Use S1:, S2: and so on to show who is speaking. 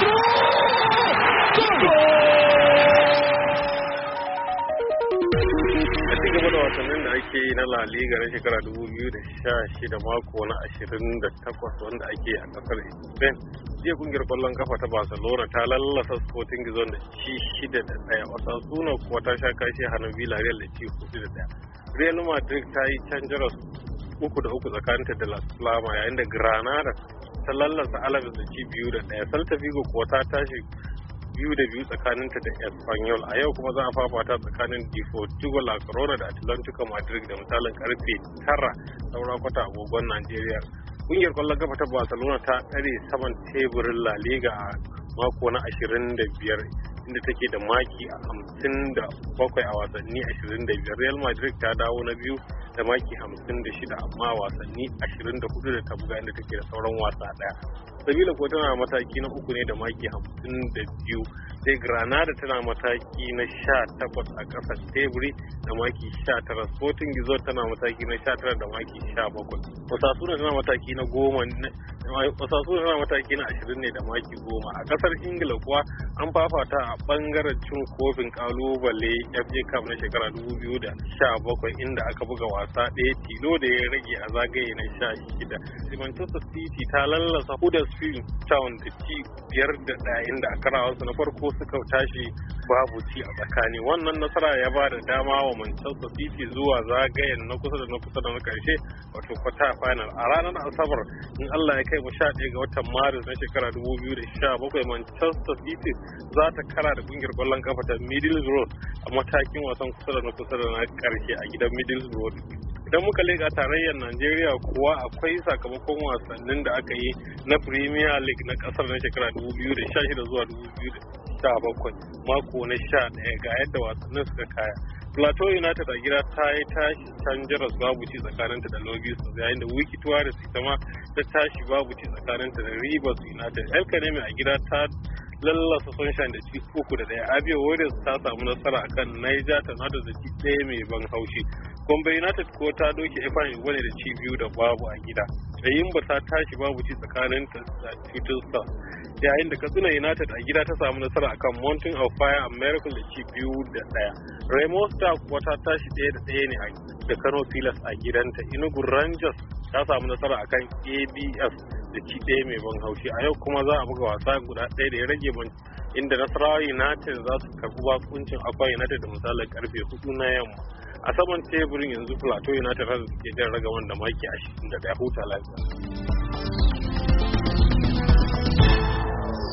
S1: gaba da wasannin da ake yi na La Liga na shekara 2016 mako na 28 wanda ake a kasar Spain. Jiya kungiyar kwallon kafa ta Barcelona ta lallasa Sporting Gizon da ci 6 da 1. Osasuna kuwa ta sha kashe hannun Villarreal da ci 4 da ɗaya. Real Madrid ta yi canjaras uku da uku tsakanin da Las Palmas yayin da Granada ta lallasa alabes da ci biyu da ɗaya salta vigo kuwa ta tashi biyu da biyu tsakaninta da espanyol a yau kuma za a fafata tsakanin deportivo la corona da atlantico madrid da misalin karfe tara saura kwata agogon nigeria kungiyar kwallon kafa ta barcelona ta tsare saman teburin la liga a mako na 25 inda take da maki a hamsin da bakwai a wasanni ashirin da biyar real madrid ta dawo na biyu da maki 56 amma wasanni 24 da ta buga inda take da sauran wasa daya sabila ko tana mataki na uku ne da maki hamsin da biyu sai granada tana mataki na sha takwas a ƙasar tebri da maki sha tara sporting gizot tana mataki na sha tara da maki sha bakwai osasuna tana mataki na goma osasuna tana mataki na ashirin ne da maki goma a ƙasar ingila kuwa an fafata a ɓangaren cin kofin ƙalubale fa cup na shekara dubu biyu da sha bakwai inda aka buga wasa ɗaya tilo da ya rage a zagaye na sha shida manchester city ta lallasa hudas Bauchi town da ci biyar da ɗayan da a karawarsu na farko suka tashi babu ci a tsakani wannan nasara ya ba da dama wa Manchester City zuwa zagayen na kusa da na kusa da na karshe wato kwata final a ranar Asabar in Allah ya kai mu sha ɗaya ga watan Maris na shekara 2017 Manchester City za ta kara da ƙungiyar ƙwallon kafa ta Middlesbrough a matakin wasan kusa da na kusa da na karshe a gidan Middlesbrough idan muka leƙa tarayyar najeriya kuwa akwai sakamakon wasannin da aka yi na premier league na kasar na shekara 2016 zuwa 2017 mako na 11 ga yadda wasannin suka kaya plateau united a gida ta yi tashi can jiras babu ci tsakaninta da lobis yayin da wiki tuwaris ita ma ta tashi babu ci tsakaninta da rivers united el a gida ta lallasa shan da cikin uku da daya abia warriors ta samu nasara akan naija tanada da ci ɗaya mai ban haushi kuma united ko ta doke ifan wani da ci biyu da babu a gida ba ta tashi babu ci tsakanin ta da titustar yayin da katsina united a gida ta samu nasara akan mountain of fire american da ci biyu da daya raymond star kuwa ta tashi ɗaya da ɗaya ne da kano pilas a gidanta inugu rangers ta samu nasara akan abs da ci ɗaya mai ban haushi a yau kuma za a buga wasa guda ɗaya da ya rage ban inda nasarawa united za su karɓi bakuncin akwai united da misalin karfe hudu na yamma a saman teburin yanzu plateau united har ke jan ragaman da maki ashirin da ɗaya huta lafiya.